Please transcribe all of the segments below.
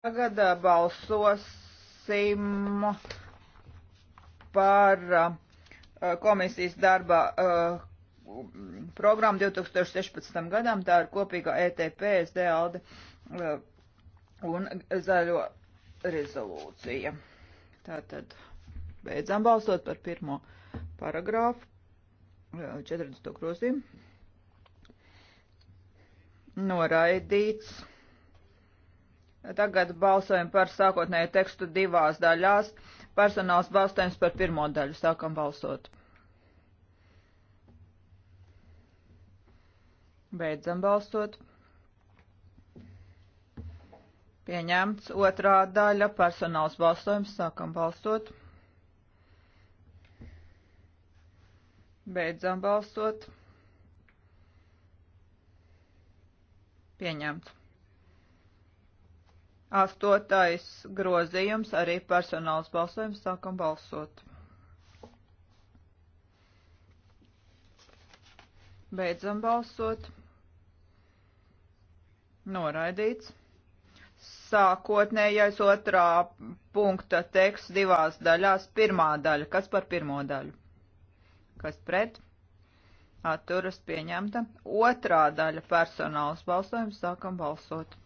Tagad balsosim par komisijas darba programmu 2016. gadam. Tā ir kopīga ETP, SDLD un zaļo rezolūcija. Tātad beidzām balsot par pirmo paragrāfu 40. grozījumu. Noraidīts. Tagad balsojam par sākotnēju tekstu divās daļās. Personāls balsojums par pirmo daļu. Sākam balsot. Beidzam balsot. Pieņemts otrā daļa. Personāls balsojums. Sākam balsot. Beidzam balsot. Pieņemts. Astotais grozījums arī personāls balsojums. Sākam balsot. Beidzam balsot. Noraidīts. Sākotnējais otrā punkta teksts divās daļās. Pirmā daļa. Kas par pirmo daļu? Kas pret? Atturas pieņemta. Otrā daļa personāls balsojums. Sākam balsot.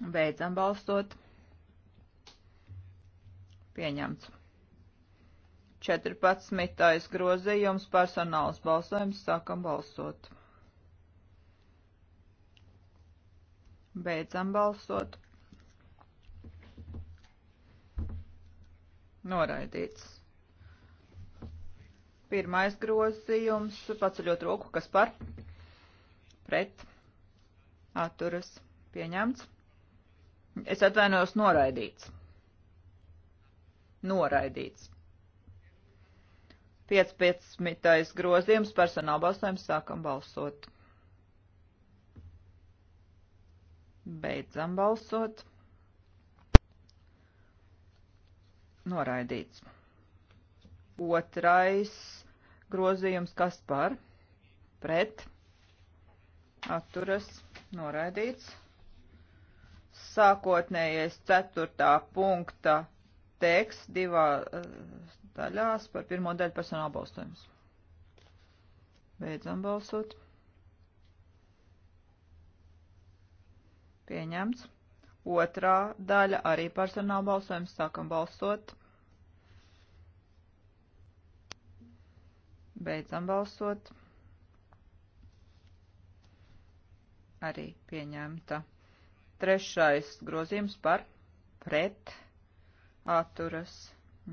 Beidzam balsot. Pieņemts. 14. grozījums personāls balsojums. Sākam balsot. Beidzam balsot. Noraidīts. Pirmais grozījums - paceļot roku, kas par, pret, atturas, pieņemts. Es atvainojos noraidīts. Noraidīts. 15. grozījums personāla balsojums sākam balsot. Beidzam balsot. Noraidīts. Otrais grozījums kas par? Pret. Atturas. Noraidīts sākotnējais ceturtā punkta teksts divā eh, daļās par pirmo daļu personāla balsojums. Beidzam balsot. Pieņemts. Otrā daļa arī personāla balsojums. Sākam balsot. Beidzam balsot. Arī pieņemta. Trešais grozījums par pret atturas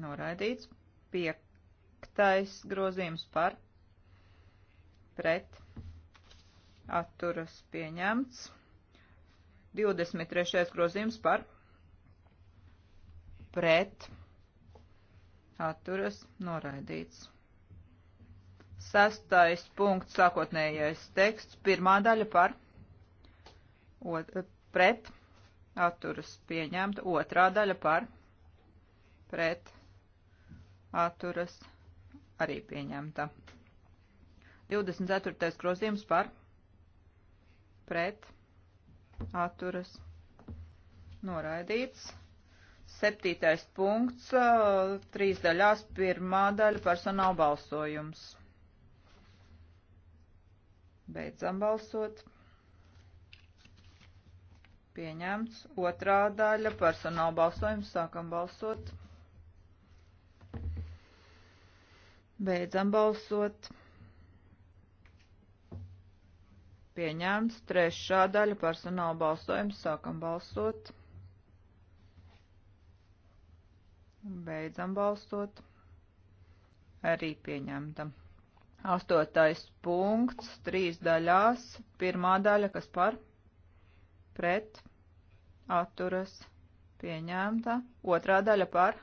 noraidīts. Piektais grozījums par pret atturas pieņemts. 23. grozījums par pret atturas noraidīts. Sastais punkts, sākotnējais teksts, pirmā daļa par, ot, pret, atturas pieņemta, otrā daļa par, pret, atturas arī pieņemta. 24. grozījums par, pret, atturas noraidīts. Septītais punkts, trīs daļās, pirmā daļa personāla balsojums. Beidzam balsot. Pieņemts. Otrā daļa personāla balsojums. Sākam balsot. Beidzam balsot. Pieņemts. Trešā daļa personāla balsojums. Sākam balsot. Beidzam balsot. Arī pieņemta. Astotais punkts. Trīs daļās. Pirmā daļa, kas par? pret, atturas, pieņemta. Otrā daļa par,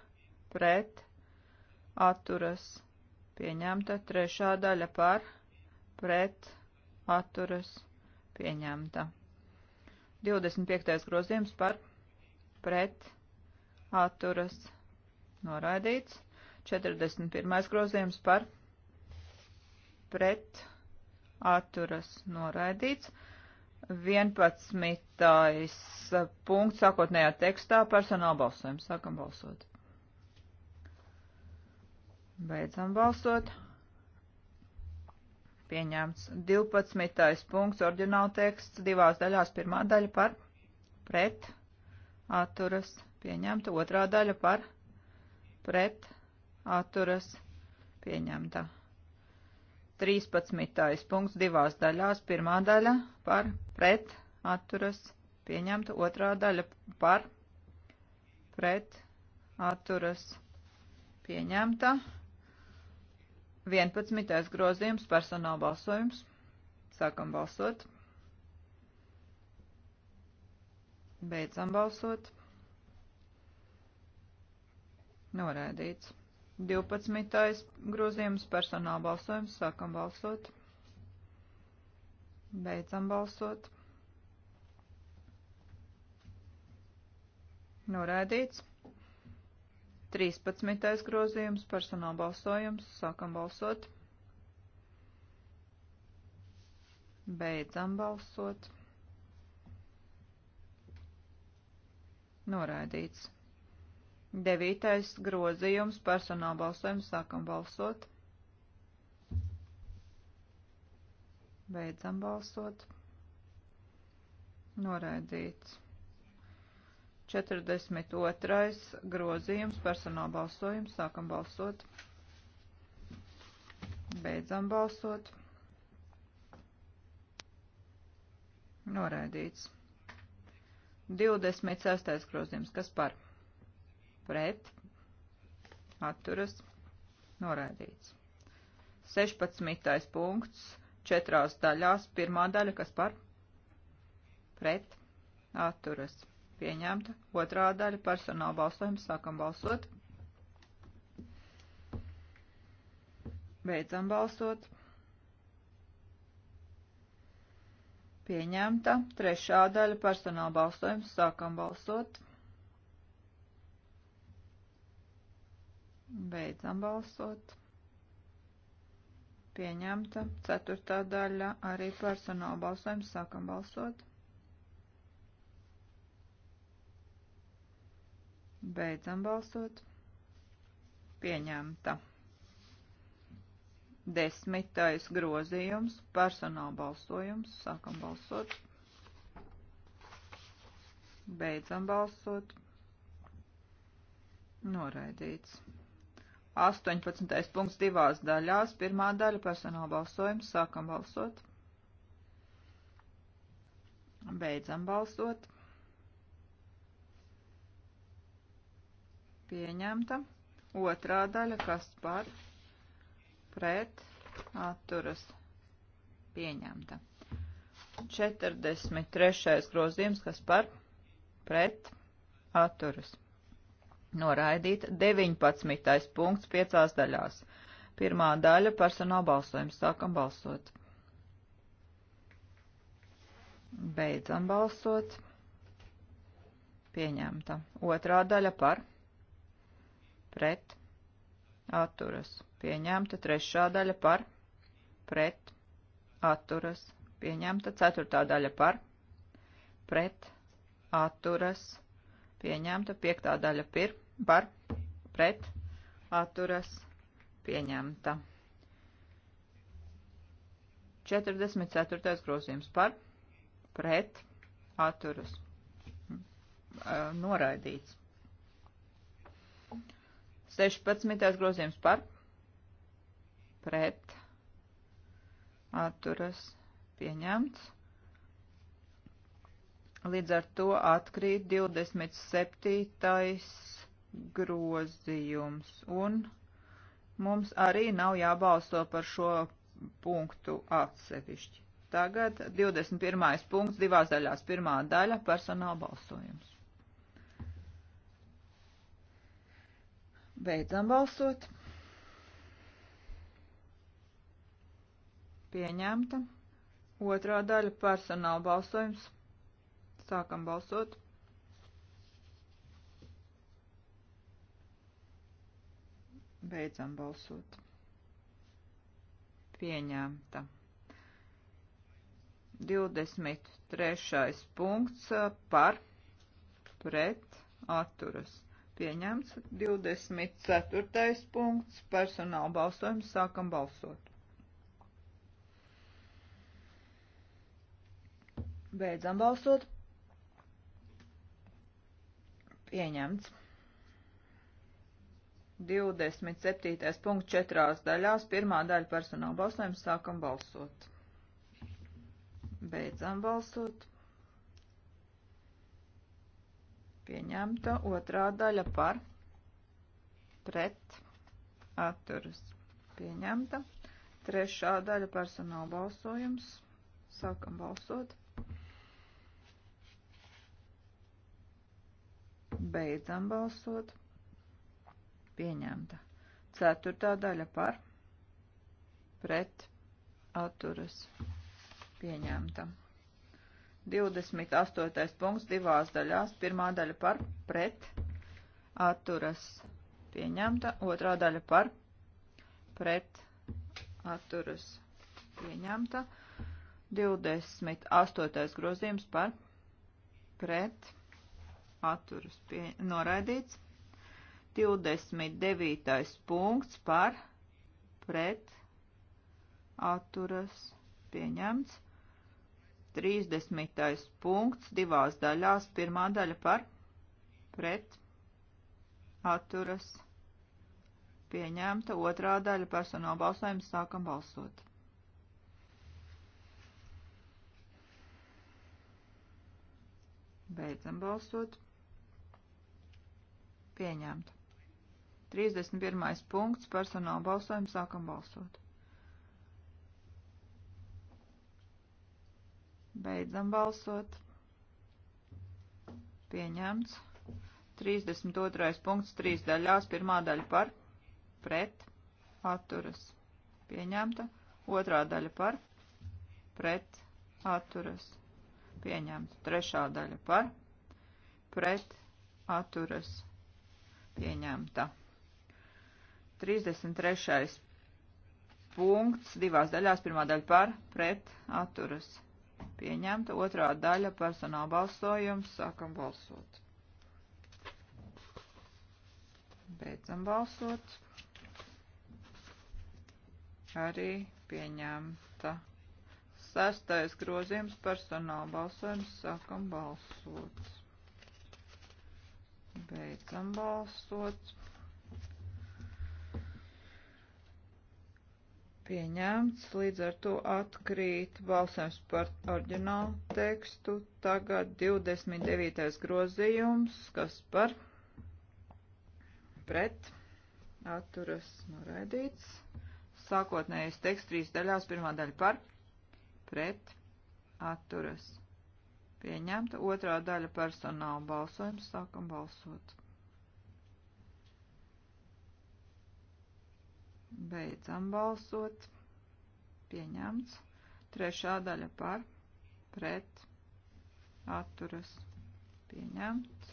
pret, atturas, pieņemta. Trešā daļa par, pret, atturas, pieņemta. 25. grozījums par, pret, atturas, noraidīts. 41. grozījums par, pret, atturas, noraidīts. 11. Eh, punkts sākotnējā tekstā personāla balsojums. Sākam balsot. Beidzam balsot. Pieņemts 12. punkts oriģināla teksts divās daļās. Pirmā daļa par pret atturas. Pieņemta otrā daļa par pret atturas. Pieņemta. 13. punkts divās daļās. Pirmā daļa par pret atturas pieņemta, otrā daļa par pret atturas pieņemta. 11. grozījums personāla balsojums. Sākam balsot. Beidzam balsot. Noraidīts. 12. grozījums personāla balsojums. Sākam balsot. Beidzam balsot. Noraidīts. 13. grozījums personāla balsojums. Sākam balsot. Beidzam balsot. Noraidīts. Devītais grozījums personāla balsojums. Sākam balsot. Beidzam balsot. Noraidīts. 42. grozījums personāla balsojums. Sākam balsot. Beidzam balsot. Noraidīts. 26. grozījums. Kas par? pret, atturas, noraidīts. 16. punkts, četrās daļās, pirmā daļa, kas par, pret, atturas, pieņemta, otrā daļa, personāla balsojums, sākam balsot, beidzam balsot, pieņemta, trešā daļa, personāla balsojums, sākam balsot, pieņemta, Beidzam balsot. Pieņemta. Ceturtā daļa arī personāla balsojums. Sākam balsot. Beidzam balsot. Pieņemta. Desmitais grozījums. Personāla balsojums. Sākam balsot. Beidzam balsot. Noraidīts. 18. punkts divās daļās. Pirmā daļa personāla balsojums. Sākam balsot. Beidzam balsot. Pieņemta. Otrā daļa, kas par pret atturas pieņemta. 43. grozījums, kas par pret atturas pieņemta Noraidīt 19. punkts piecās daļās. Pirmā daļa - personāla balsojums. Sākam balsot. Beidzam balsot. Pieņemta. Otrā daļa par. Pret. Atturas. Pieņemta. Trešā daļa par. Pret. Atturas. Pieņemta. Ceturtā daļa par. Pret. Atturas. Pieņemta pieņemta. Piektā daļa pir, par, pret, atturas, pieņemta. 44. grozījums par, pret, atturas, noraidīts. 16. grozījums par, pret, atturas, pieņemts. Līdz ar to atkrīt 27. grozījums. Un mums arī nav jābalso par šo punktu atsevišķi. Tagad 21. punkts divās daļās. Pirmā daļa - personāla balsojums. Beidzam balsot. Pieņemta. Otrā daļa - personāla balsojums. Sākam balsot. Beidzam balsot. Pieņemta. 23. punkts par pret atturas. Pieņemts 24. punkts personāla balsojums. Sākam balsot. Beidzam balsot. Pieņemts. 27. punkts četrās daļās. Pirmā daļa personāla balsojums. Sākam balsot. Beidzam balsot. Pieņemta otrā daļa par pret atturas. Pieņemta. Trešā daļa personāla balsojums. Sākam balsot. Beidzam balsot. Pieņemta. Ceturtā daļa par. Pret. Atturas. Pieņemta. 28. punkts divās daļās. Pirmā daļa par. Pret. Atturas. Pieņemta. Otrā daļa par. Pret. Atturas. Pieņemta. 28. grozījums par. Pret atturas pie, noraidīts. 29. punkts par pret atturas pieņemts. 30. punkts divās daļās. Pirmā daļa par pret atturas pieņemta. Otrā daļa personāla balsojums sākam balsot. Beidzam balsot. Pieņemt. 31. punkts personāla balsojums sākam balsot. Beidzam balsot. Pieņemts. 32. punkts trīs daļās. Pirmā daļa par pret atturas. Pieņemta. Otrā daļa par pret atturas. Pieņemta. Trešā daļa par pret atturas pieņemta. 33. punkts divās daļās. Pirmā daļa par pret atturas pieņemta. Otrā daļa personāla balsojums. Sākam balsot. Beidzam balsot. Arī pieņemta. Sastais grozījums personāla balsojums. Sākam balsot. Beidzam balsot. Pieņemts, līdz ar to atkrīt balsojums par orģinālu tekstu. Tagad 29. grozījums, kas par pret atturas noraidīts. Sākotnējais teksts trīs daļās, pirmā daļa par pret atturas noraidīts Pieņemta otrā daļa personāla balsojums. Sākam balsot. Beidzam balsot. Pieņemts. Trešā daļa par, pret, atturas. Pieņemts.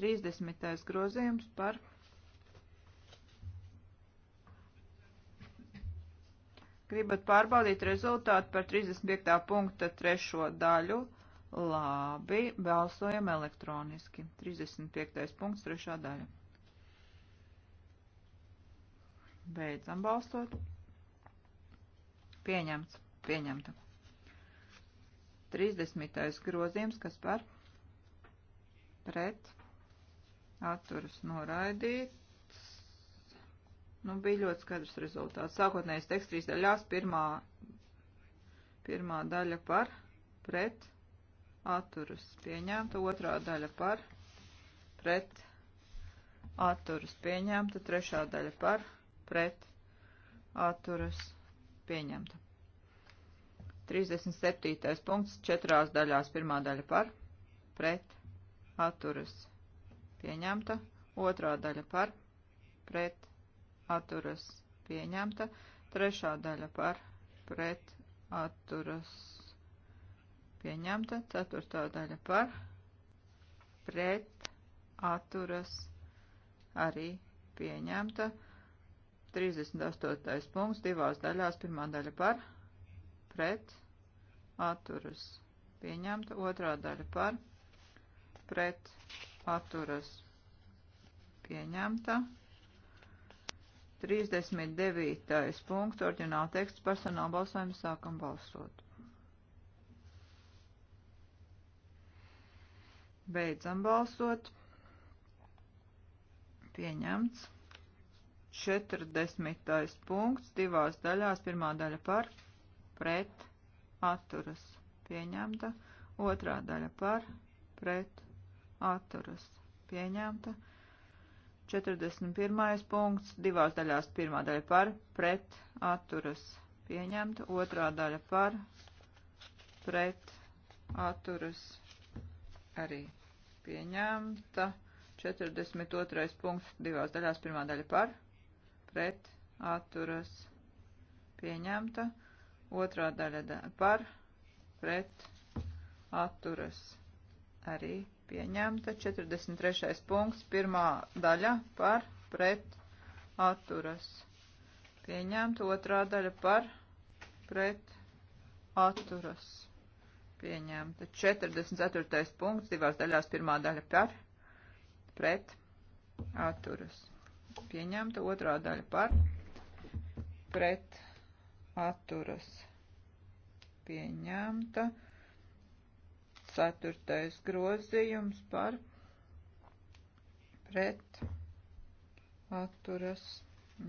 30. grozījums par Gribat pārbaudīt rezultātu par 35. punkta trešo daļu? Labi, balsojam elektroniski. 35. punkts, trešā daļa. Beidzam balsot. Pieņemts, pieņemta. 30. grozījums, kas par pret atturas noraidīt. Nu, bija ļoti skaidrs rezultāts. Sākotnējais teksts trīs daļās. Pirmā, pirmā daļa par pret atturus pieņemta, otrā daļa par pret atturus pieņemta, trešā daļa par pret atturus pieņemta. 37. punkts četrās daļās. Pirmā daļa par pret atturus pieņemta, otrā daļa par pret atturus atturas pieņemta, trešā daļa par pret atturas pieņemta, ceturtā daļa par pret atturas arī pieņemta, 38. punkts divās daļās, pirmā daļa par pret atturas pieņemta, otrā daļa par pret atturas pieņemta. 39. punkts, orģināla teksts, personāla balsojums, sākam balsot. Beidzam balsot. Pieņemts. 40. punkts, divās daļās, pirmā daļa par, pret, atturas. Pieņemta. Otrā daļa par, pret, atturas. Pieņemta. 41. punkts, divās daļās pirmā daļa par, pret, atturas, pieņemta, otrā daļa par, pret, atturas, arī pieņemta, 42. punkts, divās daļās pirmā daļa par, pret, atturas, pieņemta, otrā daļa par, pret, atturas, arī pieņemta pieņemta. 43. punkts, pirmā daļa par pret atturas. Pieņemta otrā daļa par pret atturas. Pieņemta 44. punkts, divās daļās pirmā daļa par pret atturas. Pieņemta otrā daļa par pret atturas. Pieņemta 44. Ceturtais grozījums par pret atturas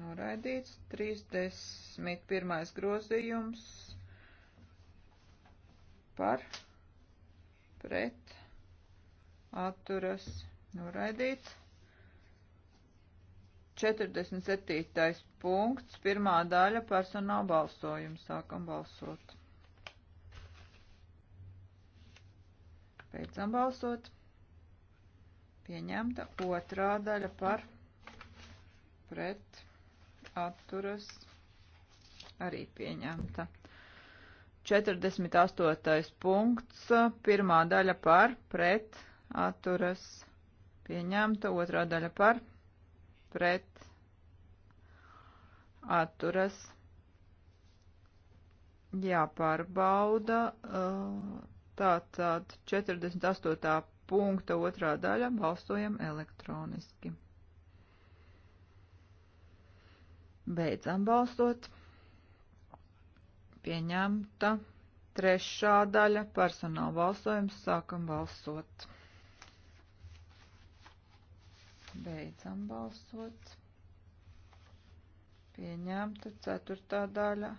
noraidīts. 31. grozījums par pret atturas noraidīts. 47. punkts, pirmā daļa personāla balsojuma. Sākam balsot. Beidzam balsot. Pieņemta otrā daļa par pret atturas arī pieņemta. 48. punkts, pirmā daļa par pret atturas pieņemta, otrā daļa par pret atturas jāpārbauda. Uh, Tātad 48. punkta otrā daļa balsojam elektroniski. Beidzam balsot. Pieņemta trešā daļa personāla balsojums. Sākam balsot. Beidzam balsot. Pieņemta ceturtā daļa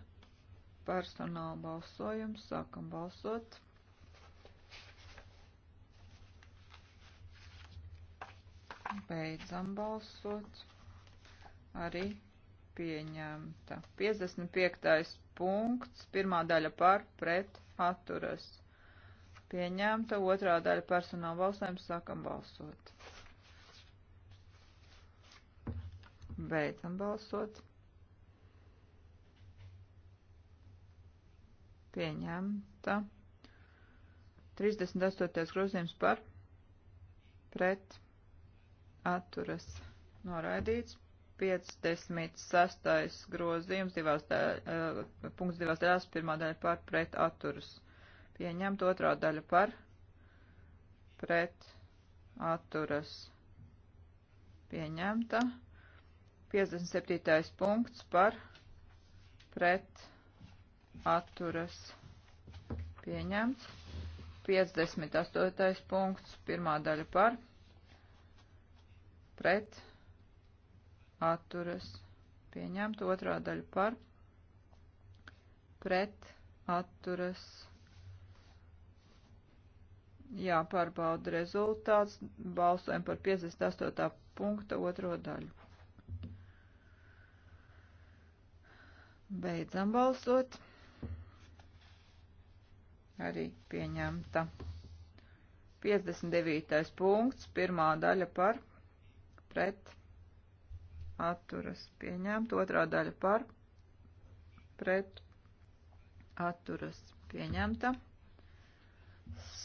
personāla balsojums. Sākam balsot. Beidzam balsot. Arī pieņemta. 55. punkts, pirmā daļa par pret atturas. Pieņemta, otrā daļa personāla balsojums, sākam balsot. Beidzam balsot. Pieņemta. 38. grozījums par pret atturas atturas noraidīts. 56. grozījums divās daļās, eh, punkts divās daļās, pirmā daļa par pret atturas pieņemt, otrā daļa par pret atturas pieņemta. 57. punkts par pret atturas pieņemts. 58. punkts, pirmā daļa par pret pret, atturas, pieņemt, otrā daļa par, pret, atturas, jāpārbauda rezultāts, balsojam par 58. punkta otro daļu. Beidzam balsot. Arī pieņemta. 59. punkts, pirmā daļa par pret atturas pieņemt. Otrā daļa par pret atturas pieņemta.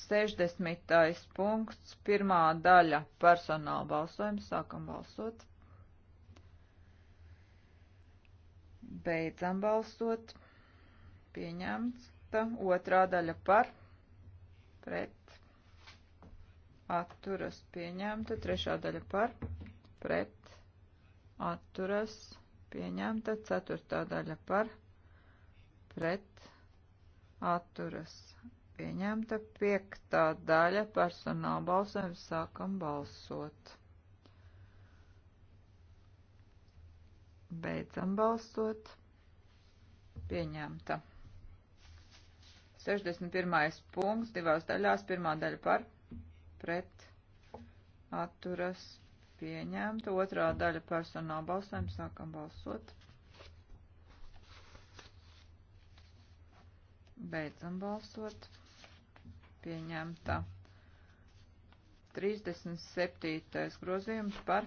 60. punkts, pirmā daļa personāla balsojums, sākam balsot. Beidzam balsot. Pieņemts. Ta otrā daļa par, pret, atturas pieņemta, trešā daļa par, pret atturas pieņemta, ceturtā daļa par pret atturas pieņemta, piektā daļa personāla balsojuma sākam balsot. Beidzam balsot. Pieņemta. 61. punkts divās daļās. Pirmā daļa par pret atturas pieņemta. Otrā daļa personāla balsojuma sākam balsot. Beidzam balsot. Pieņemta. 37. grozījums par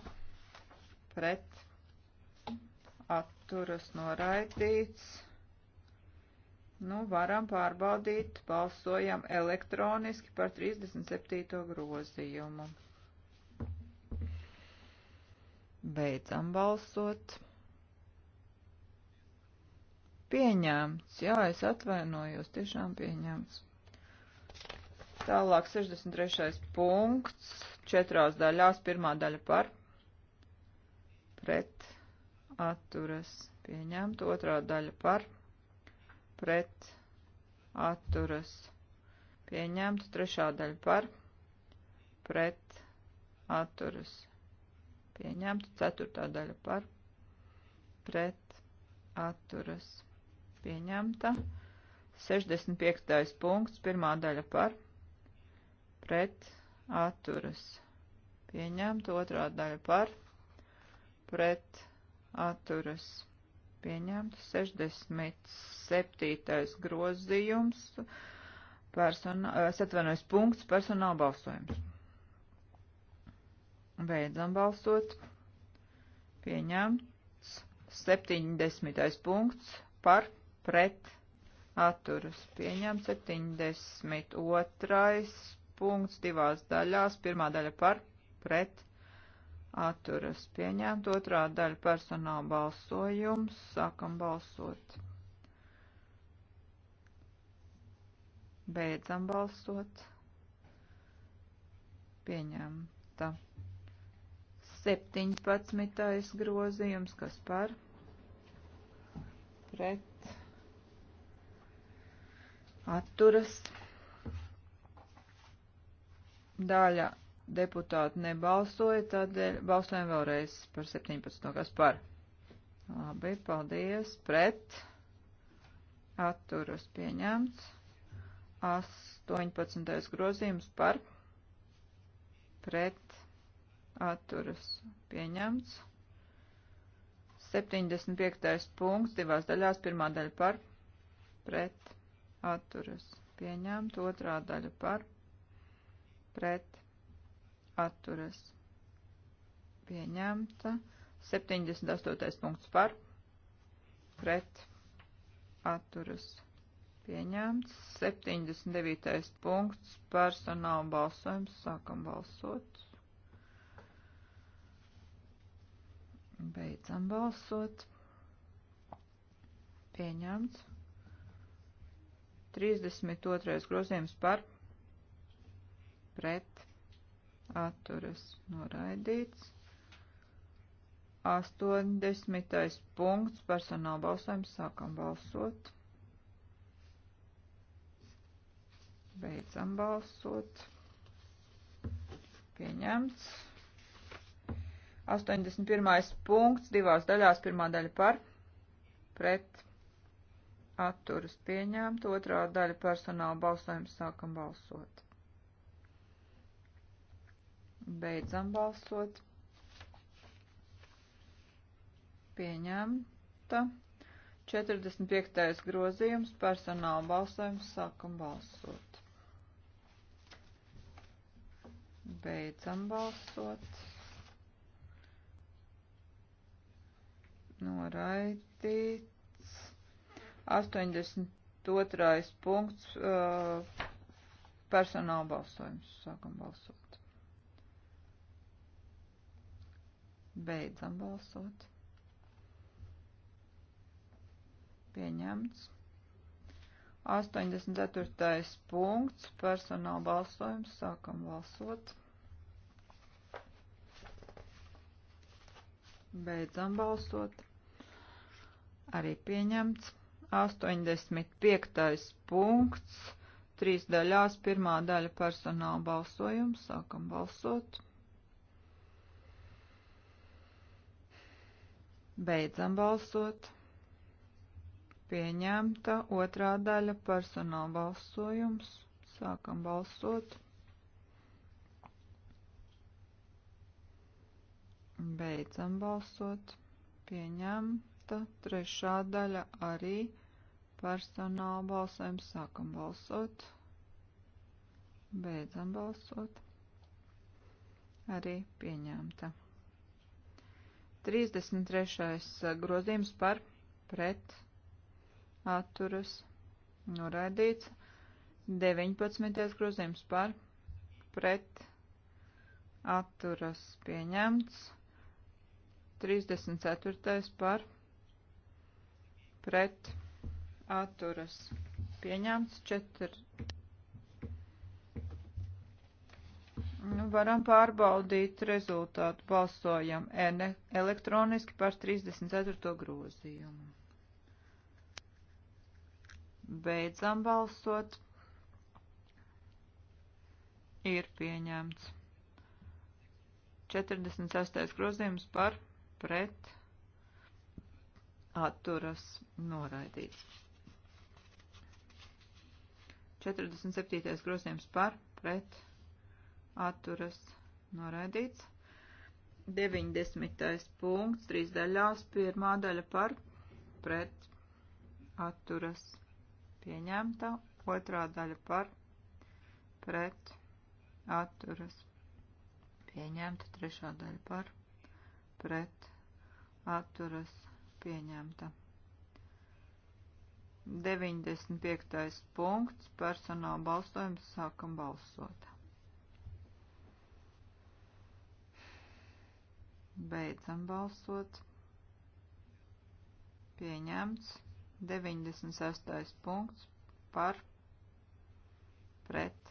pret atturas noraidīts. Nu, varam pārbaudīt, balsojam elektroniski par 37. grozījumu. Beidzam balsot. Pieņēmts. Jā, es atvainojos. Tiešām pieņēmts. Tālāk 63. punkts. Četrās daļās. Pirmā daļa par. Pret. Atturas. Pieņēmt. Otrā daļa par. Pret. Atturas. Pieņēmt. Trešā daļa par. Pret. Atturas pieņemts. Ceturtā daļa par pret atturas pieņemta. 65. punkts, pirmā daļa par pret atturas pieņemta. Otrā daļa par pret atturas pieņemta. 67. grozījums persona, es atvainojos punkts, personāla balsojums. Beidzam balsot. Pieņemts 70. punkts par pret atturas. Pieņemts 72. punkts divās daļās. Pirmā daļa par pret atturas. Pieņemts otrā daļa personāla balsojums. Sākam balsot. Beidzam balsot. Pieņemta. 17. grozījums, kas par pret atturas daļa deputāti nebalsoja, tādēļ balsojam vēlreiz par 17. kas par. Labi, paldies, pret atturas pieņemts. 18. grozījums par pret atturas pieņemts. 75. punkts divās daļās, pirmā daļa par, pret, atturas pieņemt, otrā daļa par, pret, atturas pieņemta, 78. punkts par, pret, atturas pieņemts, 79. punkts personāla balsojums, sākam balsot. Beidzam balsot. Pieņemts. 32. grozījums par pret atturas noraidīts. 80. punkts personāla balsojums sākam balsot. Beidzam balsot. Pieņemts. 81. punkts divās daļās, pirmā daļa par, pret, atturas pieņemt, otrā daļa personāla balsojums sākam balsot. Beidzam balsot. Pieņemta. 45. grozījums personāla balsojums sākam balsot. Beidzam balsot. noraidīts. 82. punkts uh, personāla balsojums. Sākam balsot. Beidzam balsot. Pieņemts. 84. punkts personāla balsojums. Sākam balsot. Beidzam balsot. Arī pieņemts. 85. punkts. Trīs daļās. Pirmā daļa personāla balsojums. Sākam balsot. Beidzam balsot. Pieņemta otrā daļa personāla balsojums. Sākam balsot. Beidzam balsot. Pieņemta atbalsta, trešā daļa arī personāla balsēm sākam balsot, beidzam balsot, arī pieņemta. 33. Eh, grozījums par pret atturas noraidīts, 19. grozījums par pret atturas pieņemts, 34. par pret pret atturas pieņemts 4. Nu, varam pārbaudīt rezultātu. Balsojam N elektroniski par 34. grozījumu. Beidzam balsot. Ir pieņemts. 46. grozījums par pret atturas noraidīts. 47. grozījums par pret atturas noraidīts. 90. punkts, trīs daļās, pirmā daļa par pret atturas pieņemta, otrā daļa par pret atturas pieņemta, trešā daļa par pret atturas pieņemta pieņemta. 95. punkts personāla balsojums sākam balsot. Beidzam balsot. Pieņemts. 96. punkts par pret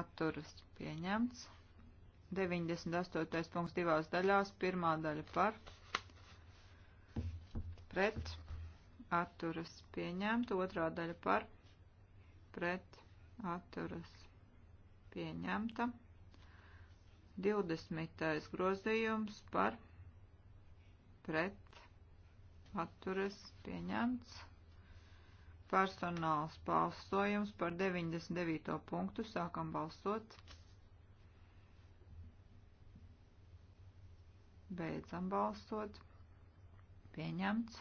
atturas pieņemts. 98. punkts divās daļās. Pirmā daļa par pret pret atturas pieņemta, otrā daļa par pret atturas pieņemta, 20. grozījums par pret atturas pieņemts, personāls balsojums par 99. punktu, sākam balsot, beidzam balsot pieņemts.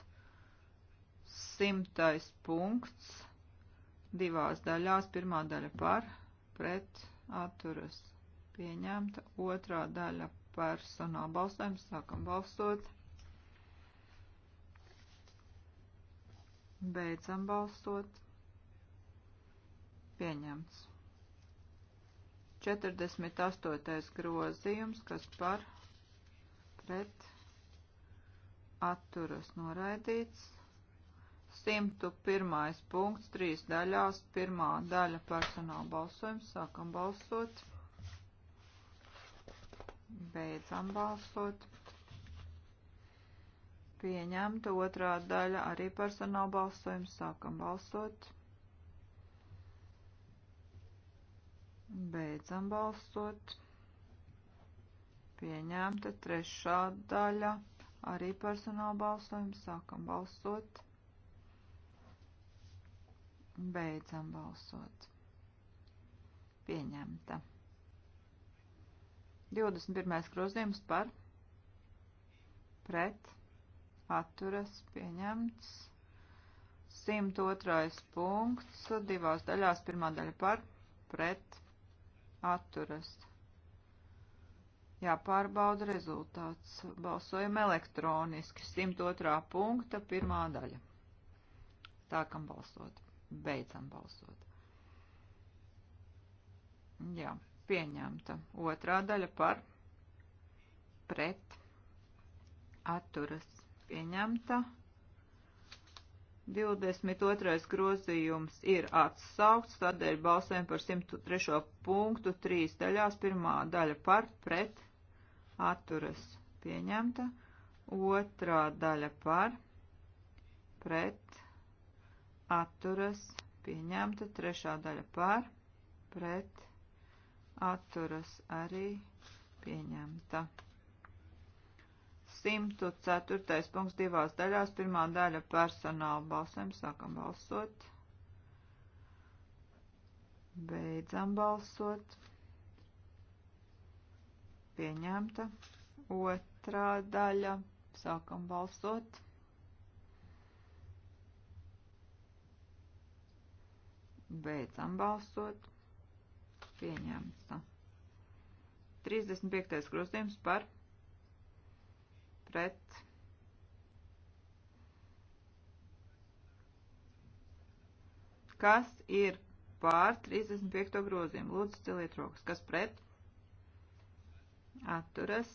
Simtais punkts divās daļās. Pirmā daļa par, pret, atturas pieņemta. Otrā daļa personāla balsojums. Sākam balsot. Beidzam balsot. Pieņemts. 48. grozījums, kas par pret atturas noraidīts. 101. punkts, 3 daļās, pirmā daļa personāla balsojums, sākam balsot, beidzam balsot, pieņemta otrā daļa, arī personāla balsojums, sākam balsot, beidzam balsot, pieņemta trešā daļa, Arī personāla balsojums. Sākam balsot. Beidzam balsot. Pieņemta. 21. grozījums par pret atturas pieņemts. 102. punkts divās daļās. Pirmā daļa par pret atturas pieņemts Jāpārbauda rezultāts. Balsojam elektroniski. 102. punkta, pirmā daļa. Sākam balsot. Beidzam balsot. Jā, pieņemta. Otrā daļa par pret atturas pieņemta. 22. grozījums ir atsaukts, tādēļ balsēm par 103. punktu trīs daļās. Pirmā daļa par pret atturas pieņemta, otrā daļa par, pret, atturas pieņemta, trešā daļa par, pret, atturas arī pieņemta. 104. punkts divās daļās, pirmā daļa personāla balsēm, sākam balsot, beidzam balsot pieņemta. Otrā daļa. Sākam balsot. Beidzam balsot. Pieņemta. 35. grozījums par pret Kas ir pār 35. grozījumu? Lūdzu, celiet rokas. Kas pret? atturas.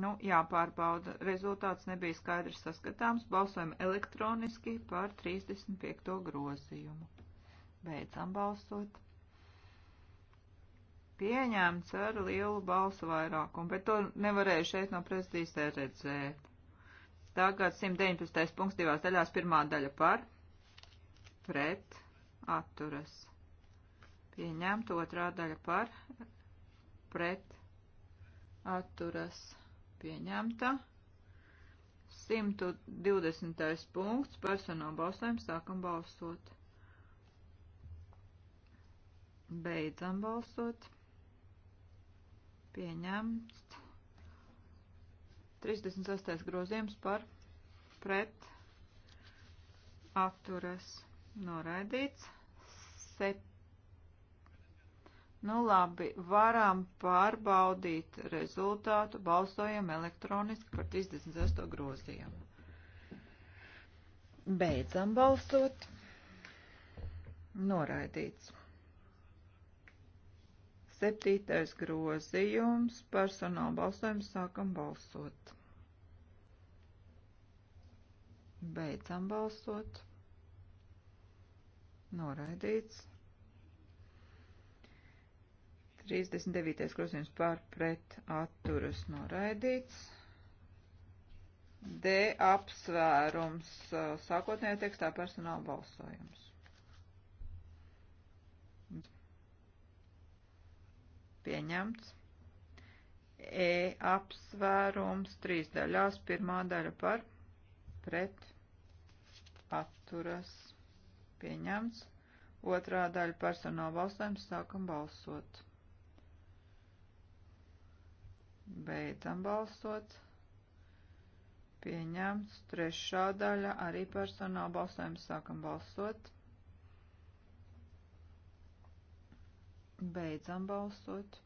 Nu, jāpārbauda. Rezultāts nebija skaidrs saskatāms. Balsojam elektroniski par 35. grozījumu. Beidzam balsot. Pieņēmts ar lielu balsu vairākumu, bet to nevarēju šeit no prezidijas redzēt. Tagad 119. punkts divās daļās pirmā daļa par, pret, atturas. Pieņemt otrā daļa par, pret atturas pieņemta. 120. punkts personāla balsojumu sākam balsot. Beidzam balsot. Pieņemts. 36. grozījums par pret atturas noraidīts. 7 Nu labi, varam pārbaudīt rezultātu, balsojam elektroniski par 38 grozījumu. Beidzam balsot. Noraidīts. Septītais grozījums, personāla balsojums, sākam balsot. Beidzam balsot. Noraidīts. 39. grozījums pār pret atturas noraidīts. D. Apsvērums sākotnējā tekstā personāla balsojums. Pieņemts. E. Apsvērums trīs daļās. Pirmā daļa par pret atturas pieņemts. Otrā daļa personāla balsojums sākam balsot. Beidzam balsot. Pieņemts. Trešā daļa arī personāla balsojums. Sākam balsot. Beidzam balsot.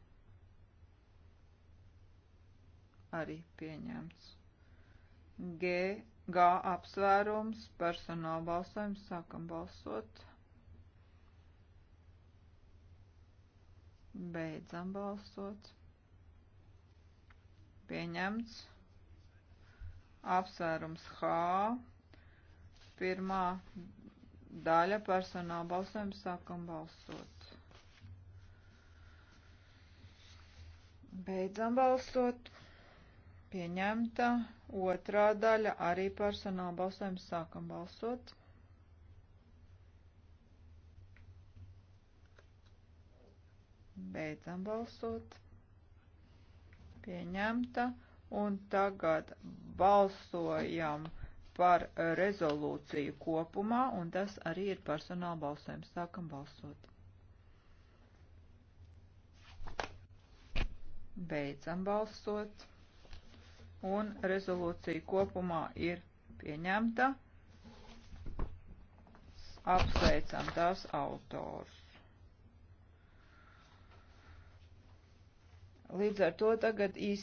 Arī pieņemts. G, G apsvērums, personāla balsojums, sākam balsot. Beidzam balsot pieņemts. Apsvērums H. Pirmā daļa personāla balsojuma sākam balsot. Beidzam balsot. Pieņemta otrā daļa arī personāla balsojuma sākam balsot. Beidzam balsot pieņemta. Un tagad balsojam par rezolūciju kopumā, un tas arī ir personāla balsojums. Sākam balsot. Beidzam balsot. Un rezolūcija kopumā ir pieņemta. Apsveicam tās autors. Līdz ar to tagad īsi.